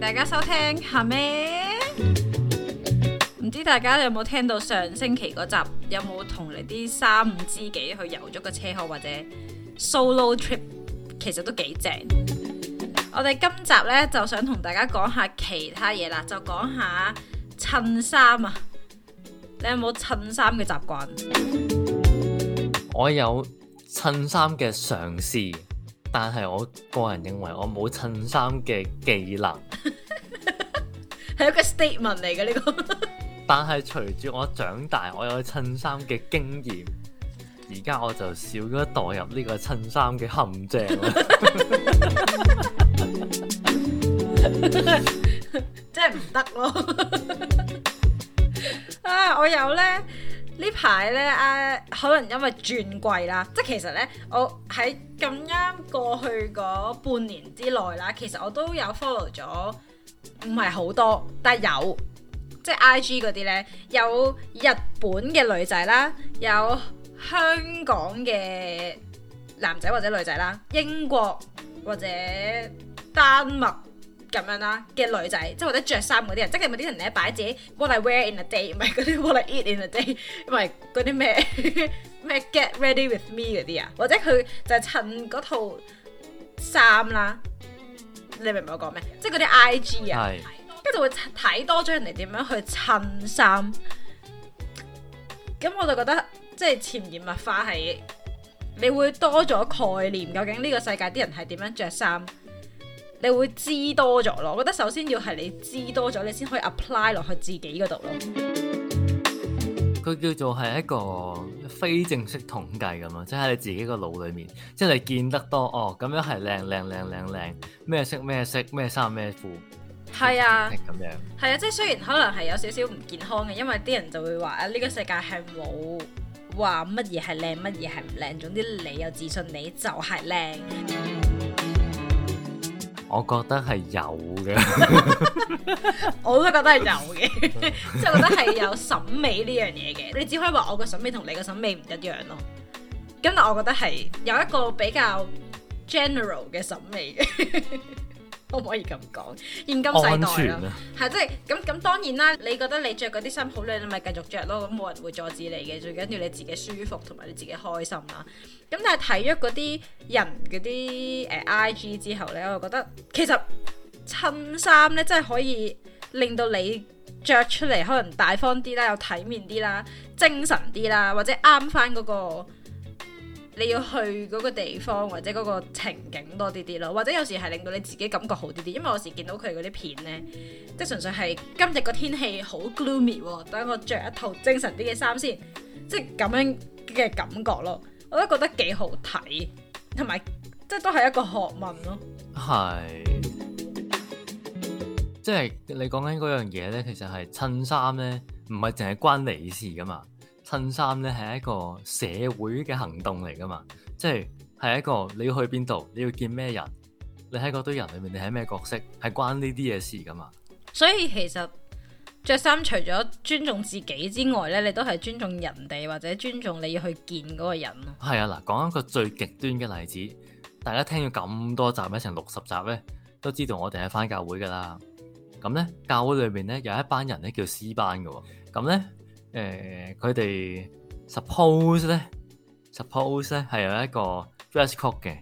大家收聽下咩？唔知大家有冇聽到上星期嗰集？有冇同你啲三五知己去游咗個車河或者 solo trip？其實都幾正。我哋今集呢，就想同大家講下其他嘢啦，就講下襯衫啊。你有冇襯衫嘅習慣？我有襯衫嘅嘗試。但係我個人認為我冇襯衫嘅技能，係 一個 statement 嚟嘅呢個 。但係隨住我長大，我有襯衫嘅經驗，而家我就少咗墮入呢個襯衫嘅陷阱咯，即係唔得咯。啊，我有咧。呢排呢，啊，可能因為轉季啦，即係其實呢，我喺咁啱過去嗰半年之內啦，其實我都有 follow 咗，唔係好多，但係有，即係 IG 嗰啲呢，有日本嘅女仔啦，有香港嘅男仔或者女仔啦，英國或者丹麥。咁樣啦嘅女仔，即係或者着衫嗰啲人，即係咪啲人咧擺自己 what I wear in a day，唔係嗰啲 what I eat in a day，唔係嗰啲咩咩 get ready with me 嗰啲啊，或者佢就係襯嗰套衫啦，你明唔明我講咩？即係嗰啲 IG 啊，跟 住樂 會睇多咗人哋點樣去襯衫，咁我就覺得即係潛移默化係你會多咗概念，究竟呢個世界啲人係點樣着衫。你會知多咗咯，我覺得首先要係你知多咗，你先可以 apply 落去自己嗰度咯。佢叫做係一個非正式統計咁啊，即係喺你自己個腦裡面，即係你見得多哦，咁樣係靚靚靚靚靚，咩色咩色，咩衫咩褲，係啊，係咁樣，係啊，即係雖然可能係有少少唔健康嘅，因為啲人就會話啊，呢個世界係冇話乜嘢係靚，乜嘢係唔靚，總之你有自信你就係靚。我覺得係有嘅， 我都覺得係有嘅，即係覺得係有審美呢樣嘢嘅。你只可以話我個審美同你個審美唔一樣咯。今日我覺得係有一個比較 general 嘅審美嘅。可唔可以咁講？現今世代咯，嚇全、啊！即係咁咁當然啦。你覺得你着嗰啲衫好靚，你咪繼續着咯。咁冇人會阻止你嘅。最緊要你自己舒服同埋你自己開心啦。咁但係睇咗嗰啲人嗰啲誒 IG 之後呢，我就覺得其實襯衫呢真係可以令到你着出嚟可能大方啲啦，又體面啲啦，精神啲啦，或者啱翻嗰個。你要去嗰個地方或者嗰個情景多啲啲咯，或者有時係令到你自己感覺好啲啲，因為有時見到佢嗰啲片呢，即係純粹係今日個天氣好 gloomy，等我着一套精神啲嘅衫先，即係咁樣嘅感覺咯，我都覺得幾好睇，同埋即係都係一個學問咯。係，即係你講緊嗰樣嘢呢，其實係襯衫呢，唔係淨係關你事噶嘛。襯衫咧係一個社會嘅行動嚟噶嘛，即係係一個你要去邊度，你要見咩人，你喺嗰堆人裏面你係咩角色，係關呢啲嘢事噶嘛。所以其實着衫除咗尊重自己之外咧，你都係尊重人哋或者尊重你要去見嗰個人咯。係啊，嗱，講一個最極端嘅例子，大家聽咗咁多集，一成六十集咧，都知道我哋係返教會嘅啦。咁咧，教會裏面咧有一班人咧叫詩班嘅喎，咁咧。誒，佢哋、呃、suppose 咧，suppose 咧係有一個 dress code 嘅，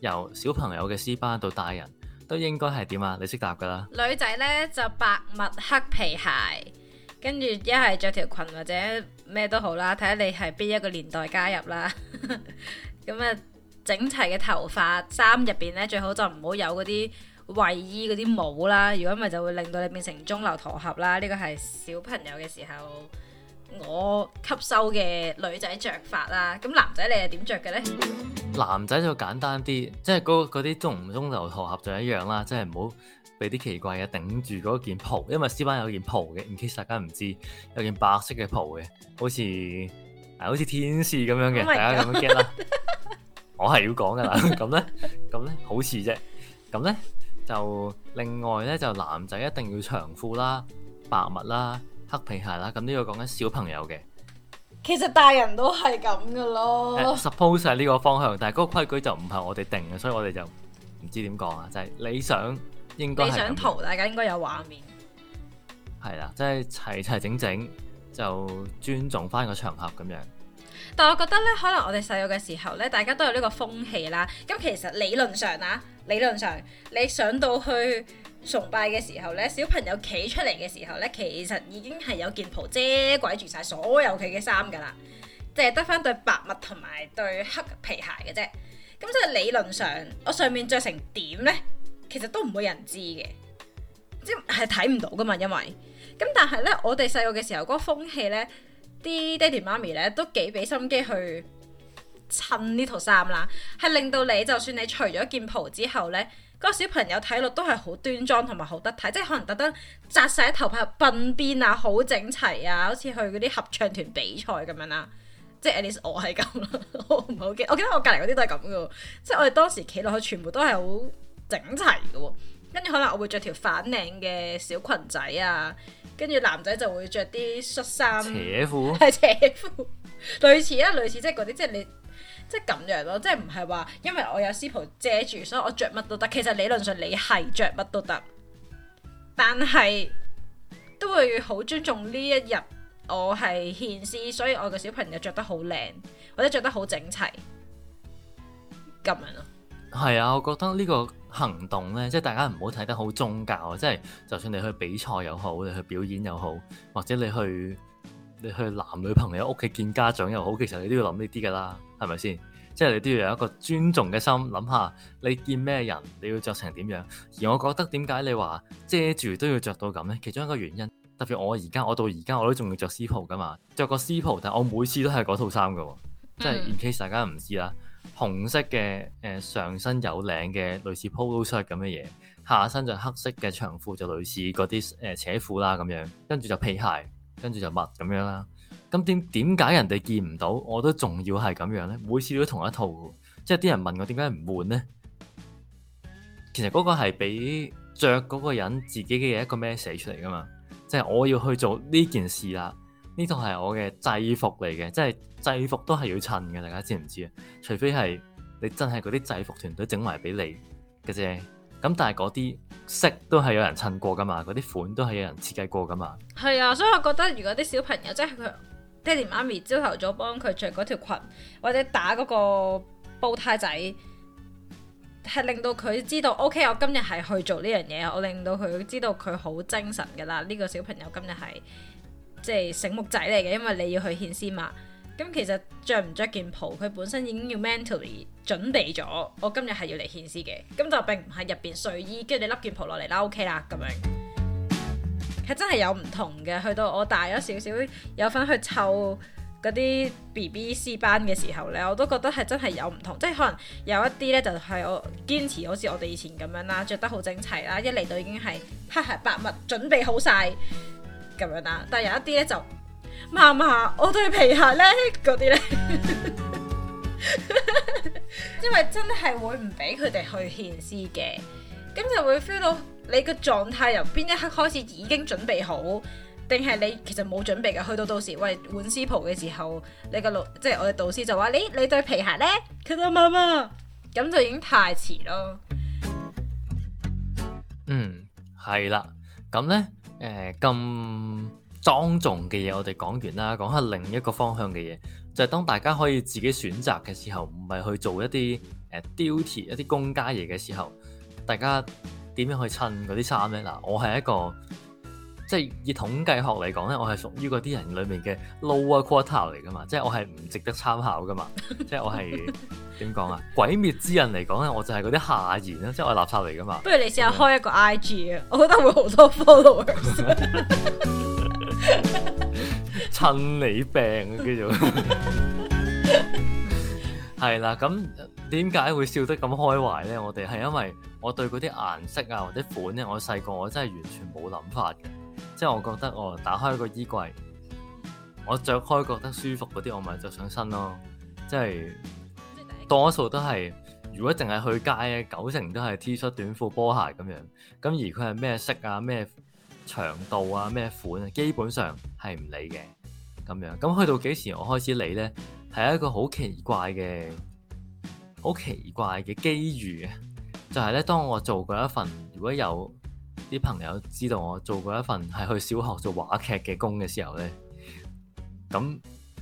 由小朋友嘅細班到大人都應該係點啊？你識答㗎啦？女仔咧就白襪黑皮鞋，跟住一係着條裙或者咩都好啦，睇下你係邊一個年代加入啦。咁 啊，整齊嘅頭髮，衫入邊咧最好就唔好有嗰啲衞衣嗰啲帽啦。如果唔係就會令到你變成鐘樓駝俠啦。呢、這個係小朋友嘅時候。我吸收嘅女仔着法啦，咁男仔你係點着嘅咧？男仔就簡單啲，即係嗰啲中唔中流同合像一樣啦，即係唔好俾啲奇怪嘅頂住嗰件袍，因為斯班有件袍嘅，唔知大家唔知有件白色嘅袍嘅，好似係、啊、好似天使咁樣嘅，oh、my 大家有冇驚啦？ 我係要講噶啦，咁咧，咁咧好似啫，咁咧就另外咧就男仔一定要長褲啦，白襪啦。黑皮鞋啦，咁呢個講緊小朋友嘅，其實大人都係咁噶咯。Uh, suppose 晒呢個方向，但係嗰個規矩就唔係我哋定嘅，所以我哋就唔知點講啊，就係、是、理想應該理想圖，大家應該有畫面，係啦，即係齊齊整整就尊重翻個場合咁樣。但係我覺得咧，可能我哋細個嘅時候咧，大家都有呢個風氣啦。咁其實理論上啊，理論上你上到去。崇拜嘅時候呢，小朋友企出嚟嘅時候呢，其實已經係有件袍遮鬼住晒所有佢嘅衫噶啦，淨係得翻對白襪同埋對黑皮鞋嘅啫。咁所以理論上，我上面着成點呢，其實都唔會人知嘅，即係睇唔到噶嘛。因為咁，但係呢，我哋細個嘅時候嗰個風氣呢，啲爹地媽咪呢都幾俾心機去襯呢套衫啦，係令到你就算你除咗件袍之後呢。個小朋友睇落都係好端莊同埋好得體，即係可能特登紮晒頭髮，鬢邊啊，好整齊啊，好似去嗰啲合唱團比賽咁樣啦。即係 Alice，我係咁咯，我唔好記，我記得我隔離嗰啲都係咁噶。即係我哋當時企落去，全部都係好整齊噶。跟住可能我會着條反領嘅小裙仔啊，跟住男仔就會着啲恤衫、扯褲，係扯褲。類似啊，類似即係嗰啲，即係你。即係咁樣咯，即係唔係話因為我有師傅遮住，所以我着乜都得。其實理論上你係着乜都得，但係都會好尊重呢一日我係獻師，所以我嘅小朋友着得好靚或者着得好整齊咁樣咯。係啊，我覺得呢個行動呢，即係大家唔好睇得好宗教啊。即係就算你去比賽又好，你去表演又好，或者你去。你去男女朋友屋企見家長又好，其實你都要諗呢啲噶啦，係咪先？即係你都要有一個尊重嘅心，諗下你見咩人，你要着成點樣。而我覺得點解你話遮住都要着到咁呢？其中一個原因，特別我而家，我到而家我都仲要着絲袍噶嘛，着個絲袍，但係我每次都係嗰套衫噶，mm hmm. 即係 in case, 大家唔知啦，紅色嘅誒、呃、上身有領嘅類似 Polo shirt 咁嘅嘢，下身就黑色嘅長褲就類似嗰啲誒扯褲啦咁樣，跟住就皮鞋。跟住就密咁樣啦，咁點點解人哋見唔到？我都仲要係咁樣咧，每次都同一套，即係啲人問我點解唔換咧？其實嗰個係畀着嗰個人自己嘅一個 message 出嚟噶嘛，即係我要去做呢件事啦，呢套係我嘅制服嚟嘅，即係制服都係要襯嘅，大家知唔知啊？除非係你真係嗰啲制服團隊整埋俾你嘅啫。咁但係嗰啲色都係有人襯過噶嘛，嗰啲款都係有人設計過噶嘛。係啊，所以我覺得如果啲小朋友即係佢爹哋媽咪朝頭早幫佢着嗰條裙，或者打嗰個煲呔仔，係令到佢知道 OK，我今日係去做呢樣嘢，我令到佢知道佢好精神噶啦。呢、這個小朋友今日係即係醒目仔嚟嘅，因為你要去獻先嘛。咁、嗯、其實着唔着件袍，佢本身已經要 mentally 準備咗，我今日係要嚟獻世嘅。咁就並唔係入邊睡衣，跟住你笠件袍落嚟啦，OK 啦咁樣。其實 真係有唔同嘅。去到我大咗少少，有份去湊嗰啲 BBC 班嘅時候呢，我都覺得係真係有唔同。即係可能有一啲呢，就係、是、我堅持好似我哋以前咁樣啦，着得好整齊啦，一嚟到已經係黑鞋白襪準備好晒咁樣啦。但係有一啲呢，就。媽媽，我對皮鞋咧，嗰啲咧， 因為真係會唔俾佢哋去獻師嘅，咁就會 feel 到你個狀態由邊一刻開始已經準備好，定係你其實冇準備嘅，去到到時喂換師袍嘅時候，你個老即係我嘅導師就話你，你對皮鞋咧，佢都媽媽，咁就已經太遲咯。嗯，係啦，咁咧，誒、呃，咁。莊重嘅嘢我哋講完啦，講下另一個方向嘅嘢，就係、是、當大家可以自己選擇嘅時候，唔係去做一啲誒、uh, duty 一啲公家嘢嘅時候，大家點樣去襯嗰啲衫咧？嗱，我係一個即係以統計學嚟講咧，我係屬於嗰啲人裏面嘅 lower quarter 嚟噶嘛，即係我係唔值得參考噶嘛， 即係我係點講啊？鬼滅之刃嚟講咧，我就係嗰啲下弦啦，即係我係垃圾嚟噶嘛。不如你試下開一個 IG 啊、嗯，我覺得會好多 follower 趁你病叫做係啦， 咁點解會笑得咁開懷呢？我哋係因為我對嗰啲顏色啊或者款咧，我細個我真係完全冇諗法嘅，即係我覺得我打開個衣櫃，我着開覺得舒服嗰啲，我咪就上身咯，即係多數都係如果淨係去街咧，九成都係 T 恤、短褲、波鞋咁樣，咁而佢係咩色啊咩？長度啊，咩款啊，基本上係唔理嘅咁樣。咁去到幾時我開始理呢？係一個好奇怪嘅好奇怪嘅機遇啊！就係咧，當我做過一份，如果有啲朋友知道我做過一份係去小學做話劇嘅工嘅時候呢，咁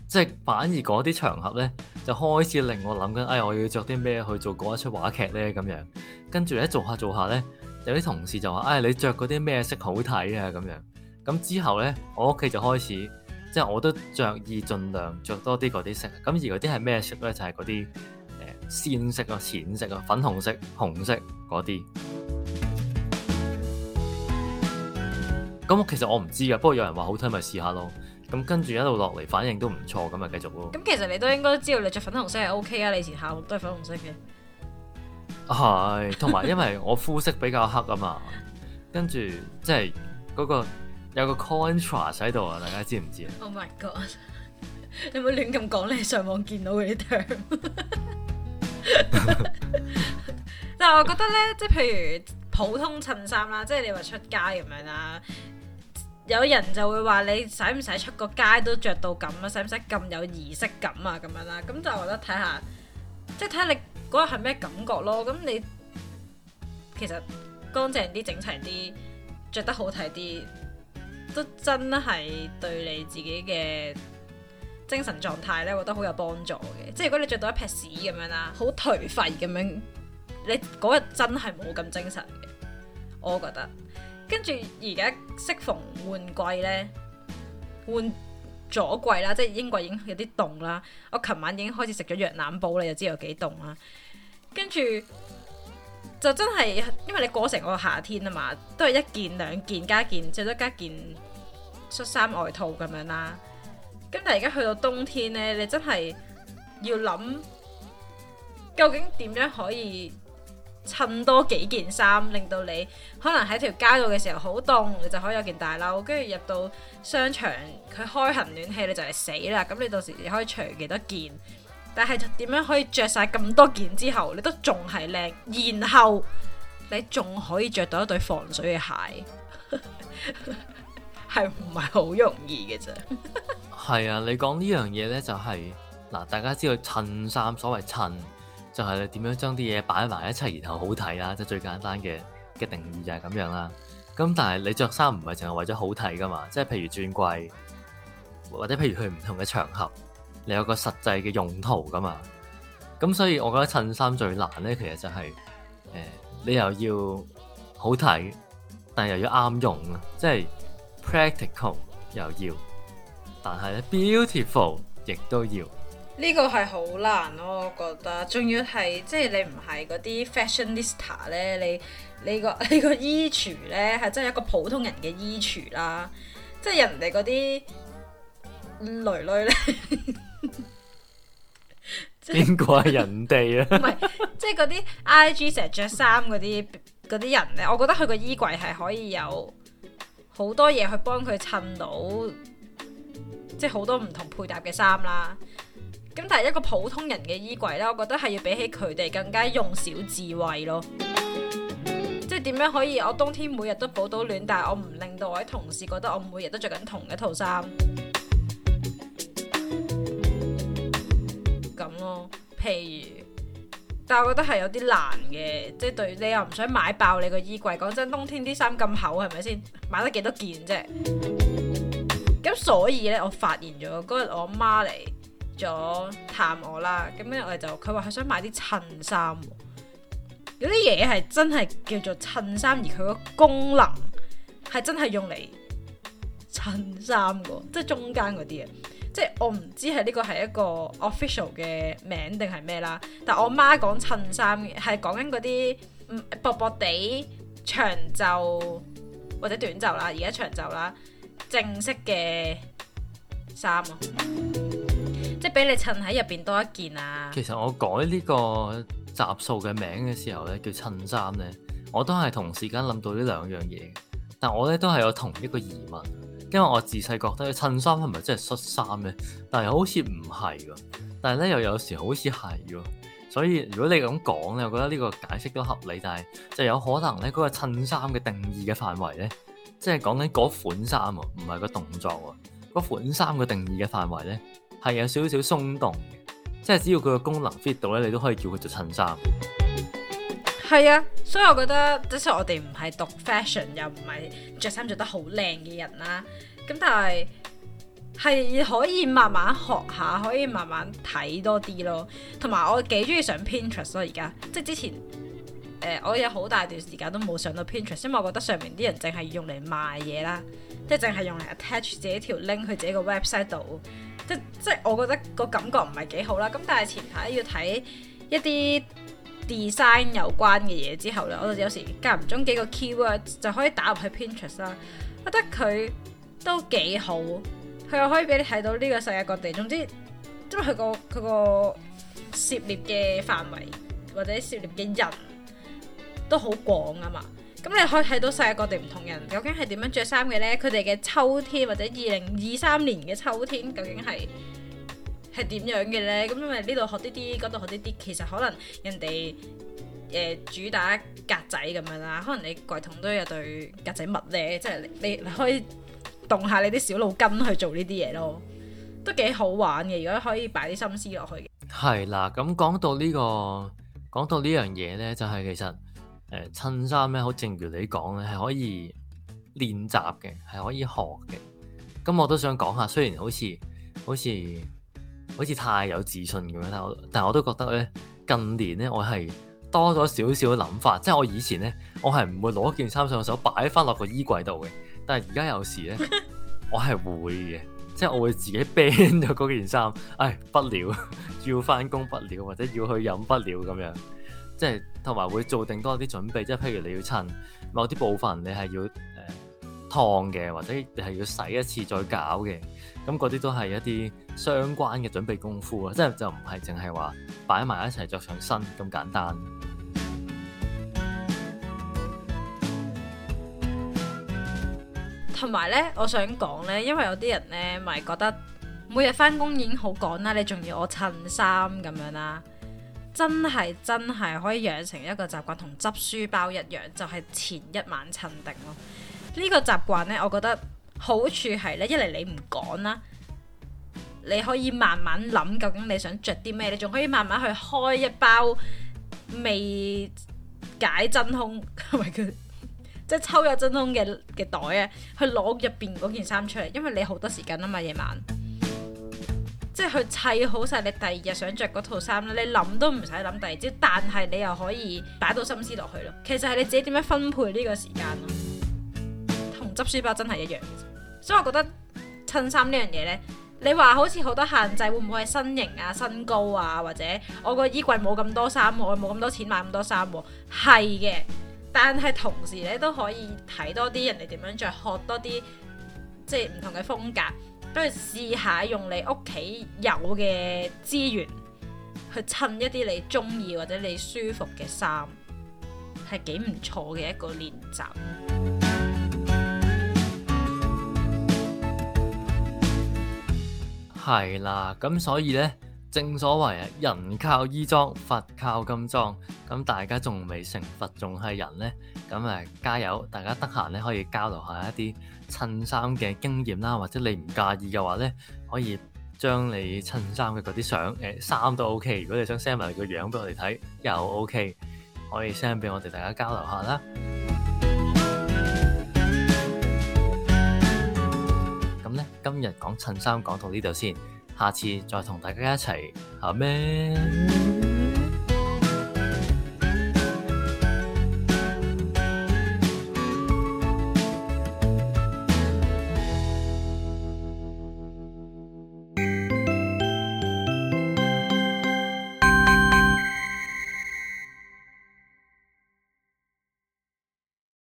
即係反而嗰啲場合呢，就開始令我諗緊，哎，我要着啲咩去做嗰一出話劇呢？咁樣，跟住咧做下做下呢。有啲同事就話，唉、哎，你着嗰啲咩色好睇啊？咁樣，咁之後呢，我屋企就開始，即係我都着意，盡量着多啲嗰啲色。咁而嗰啲係咩色呢？就係嗰啲誒鮮色咯、淺色咯、粉紅色、紅色嗰啲。咁 其實我唔知㗎，不過有人話好睇，咪試下咯。咁跟住一路落嚟，反應都唔錯，咁咪繼續咯。咁其實你都應該知道，你着粉紅色係 OK 啊，你以前校服都係粉紅色嘅。係，同埋因為我膚色比較黑啊嘛， 跟住即係嗰個有個 contrast 喺度啊，大家知唔知啊？Oh my god！有冇亂咁講，你上網見到嗰啲 tag，但係我覺得咧，即係譬如普通襯衫啦，即係你話出街咁樣啦，有人就會話你使唔使出個街都着到咁啊？使唔使咁有儀式感啊？咁樣啦，咁就我覺得睇下，即係睇下你。嗰日係咩感覺咯？咁你其實乾淨啲、整齊啲、着得好睇啲，都真係對你自己嘅精神狀態咧，覺得好有幫助嘅。即係如果你着到一撇屎咁樣啦， 好頹廢咁樣，你嗰日真係冇咁精神嘅，我覺得。跟住而家適逢換季呢。換左季啦，即係英國已經有啲凍啦，我琴晚已經開始食咗羊腩煲，你又知道有幾凍啦，跟住就真係，因為你過成個夏天啊嘛，都係一件兩件加件，最多加件恤衫外套咁樣啦，咁但係而家去到冬天呢，你真係要諗究竟點樣可以？襯多幾件衫，令到你可能喺條街度嘅時候好凍，你就可以有件大褸，跟住入到商場佢開行暖氣，你就係死啦。咁你到時你可以除幾多件，但係點樣可以着晒咁多件之後，你都仲係靚，然後你仲可以着到一對防水嘅鞋，係唔係好容易嘅啫？係啊，你講呢樣嘢呢，就係、是、嗱，大家知道襯衫所謂襯。就係你點樣將啲嘢擺埋一齊，然後好睇啦，即係最簡單嘅嘅定義就係咁樣啦。咁但係你着衫唔係淨係為咗好睇噶嘛？即係譬如轉季，或者譬如去唔同嘅場合，你有個實際嘅用途噶嘛？咁所以我覺得襯衫最難咧，其實就係誒，你又要好睇，但係又要啱用啊，即係 practical 又要，但係咧 beautiful 亦都要。呢個係好難咯，我覺得，仲要係即係你唔係嗰啲 fashionista 咧，你呢個呢個衣櫥咧係真係一個普通人嘅衣櫥啦，即係人哋嗰啲女女咧，邊個係人哋啊？唔 係，即係嗰啲 IG 成日著衫嗰啲啲人咧，我覺得佢個衣櫃係可以有好多嘢去幫佢襯到，即係好多唔同配搭嘅衫啦。咁但係一個普通人嘅衣櫃呢，我覺得係要比起佢哋更加用小智慧咯。即係點樣可以我冬天每日都保到暖，但係我唔令到我啲同事覺得我每日都着緊同一套衫咁咯。譬如，但係我覺得係有啲難嘅，即係對你又唔想買爆你個衣櫃。講真，冬天啲衫咁厚，係咪先買得幾多件啫？咁所以呢，我發現咗嗰日我媽嚟。咗探我啦，咁呢我哋就，佢話佢想買啲襯衫，有啲嘢係真係叫做襯衫，而佢個功能係真係用嚟襯衫嘅，即係中間嗰啲啊，即係我唔知係呢個係一個 official 嘅名定係咩啦，但我媽講襯衫係講緊嗰啲薄薄地長袖或者短袖啦，而家長袖啦，正式嘅衫啊。俾你襯喺入邊多一件啊！其實我改呢個集數嘅名嘅時候咧，叫襯衫咧，我都係同時間諗到呢兩樣嘢。但我咧都係有同一個疑問，因為我自細覺得襯衫係咪真係恤衫咧？但係好似唔係噶，但係咧又有時好似係噶。所以如果你咁講咧，我覺得呢個解釋都合理，但係就有可能咧，嗰個襯衫嘅定義嘅範圍咧，即係講緊嗰款衫啊，唔係個動作啊，嗰款衫嘅定義嘅範圍咧。係有少少鬆動嘅，即係只要佢嘅功能 fit 到咧，你都可以叫佢著襯衫。係啊，所以我覺得，即使我哋唔係讀 fashion，又唔係着衫着得好靚嘅人啦，咁但係係可以慢慢學下，可以慢慢睇多啲咯。同埋我幾中意上 Pinterest 咯，而家即係之前誒、呃，我有好大段時間都冇上到 Pinterest，因為我覺得上面啲人淨係用嚟賣嘢啦，即係淨係用嚟 attach 自己條 link 去自己個 website 度。即即我覺得個感覺唔係幾好啦，咁但係前排要睇一啲 design 有關嘅嘢之後呢，我就有時加唔中幾個 keyword 就可以打入去 Pinterest 啦。覺得佢都幾好，佢又可以俾你睇到呢個世界各地。總之，因為佢個佢個涉獵嘅範圍或者涉獵嘅人都好廣啊嘛。咁你可以睇到世界各地唔同人究竟係點樣着衫嘅呢？佢哋嘅秋天或者二零二三年嘅秋天究竟係係點樣嘅呢？咁因為呢度學啲啲，嗰度學啲啲，其實可能人哋誒、呃、主打格仔咁樣啦，可能你櫃桶都有對格仔襪呢，即係你，你可以動下你啲小腦筋去做呢啲嘢咯，都幾好玩嘅。如果可以擺啲心思落去，嘅、啊，係啦。咁講到呢、這個，講到呢樣嘢呢，就係、是、其實。誒、呃、襯衫咧，好正如你講咧，係可以練習嘅，係可以學嘅。咁我都想講下，雖然好似好似好似太有自信咁樣，但係我都覺得咧，近年咧，我係多咗少少嘅諗法。即係我以前咧，我係唔會攞件衫上手擺翻落個衣櫃度嘅。但係而家有時咧， 我係會嘅，即係我會自己 ban 咗嗰件衫。唉、哎，不了，要翻工不了，或者要去飲不了咁樣。即係同埋會做定多啲準備，即係譬如你要襯某啲部分你，你係要誒燙嘅，或者你係要洗一次再搞嘅，咁嗰啲都係一啲相關嘅準備功夫啊！即係就唔係淨係話擺埋一齊着上身咁簡單。同埋咧，我想講咧，因為有啲人咧咪覺得每日返工已經好趕啦，你仲要我襯衫咁樣啦。真係真係可以養成一個習慣，同執書包一樣，就係、是、前一晚襯定咯。呢、這個習慣呢，我覺得好處係呢：一嚟你唔趕啦，你可以慢慢諗究竟你想着啲咩，你仲可以慢慢去開一包未解真空， 即係抽咗真空嘅嘅袋啊，去攞入邊嗰件衫出嚟，因為你好多時間啊嘛，夜晚。即係去砌好晒，你第二日想着嗰套衫咧，你諗都唔使諗。第二朝，但係你又可以擺到心思落去咯。其實係你自己點樣分配呢個時間咯，同執書包真係一樣。所以我覺得襯衫呢樣嘢咧，你話好似好多限制，會唔會係身形啊、身高啊，或者我個衣櫃冇咁多衫，我冇咁多錢買咁多衫？係嘅，但係同時咧都可以睇多啲人哋點樣着，學多啲即係唔同嘅風格。去試下用你屋企有嘅資源，去襯一啲你中意或者你舒服嘅衫，係幾唔錯嘅一個練習。係啦，咁所以呢。正所謂啊，人靠衣裝，佛靠金裝。咁大家仲未成佛，仲係人呢？咁誒，加油！大家得閒咧，可以交流下一啲襯衫嘅經驗啦，或者你唔介意嘅話呢，可以將你襯衫嘅嗰啲相誒、呃，衫都 OK。如果你想 send 埋個樣俾我哋睇，又 OK。可以 send 俾我哋大家交流下啦。咁 呢，今日講襯衫講到呢度先。下次再同大家一齊好咩？